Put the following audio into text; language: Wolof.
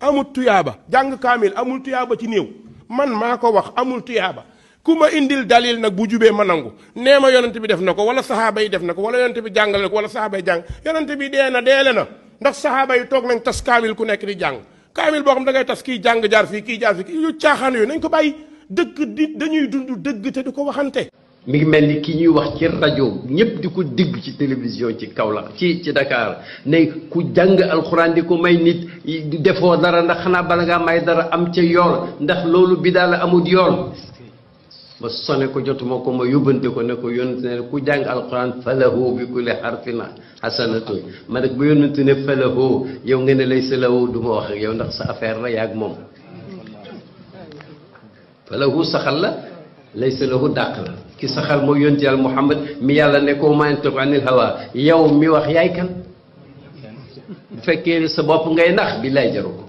amul tuyaaba jàng kaamil amul tuyaaba ci néew man maa ko wax amul tuyaaba ku ma indil dalil nag bu jubee ma nangu nee ma yonent bi def na ko wala saxaaba yi def na ko wala yonent bi jàngale ko wala saxaaba yi jàng yonent bi dee na deele na ndax saxaaba yi toog nañ tas kaamil ku nekk di jàng kaamil boo xam da ngay tas kii jàng jaar fii kii jaar fii yu caaxaan yooyu nañ ko bàyyi dëgg di dañuy dund dëgg te di ko waxante mi ngi mel ni ki ñuy wax ci rajo ñëpp di ko digg ci télévision ci Kaolack ci ci Dakar ne ku jàng alxuraan di ko may nit di defoo dara ndax xanaa bala ngaa may dara am ca yoon ndax loolu bi daal amul yoon ma sone ko jotuma ko ma yóbbante ko ne ko yónnante ne ku jàng alxuraan falahu bi kulli harfina hasanatun ma nag bu yónnante ne falahu yow ngee ne lay salahu du wax ak yow ndax sa affaire la yaag moom falahu saxal la ليس له داخل كي سخال مو يونت محمد مي يالا نيكو ما ينطق عن الهوى يوم مي واخ ياي كان فكير سبب غاي نخ بالله جروكو